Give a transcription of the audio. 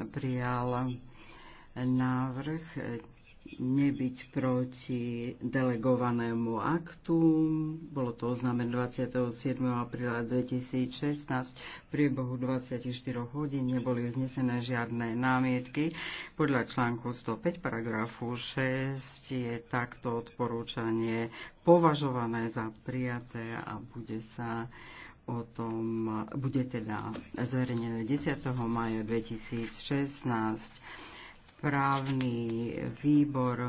prijal návrh nebyť proti delegovanému aktu. Bolo to oznámené 27. apríla 2016. V priebehu 24 hodín neboli vznesené žiadne námietky. Podľa článku 105 paragrafu 6 je takto odporúčanie považované za prijaté a bude sa o tom bude teda zverejnené 10. maja 2016. Právny výbor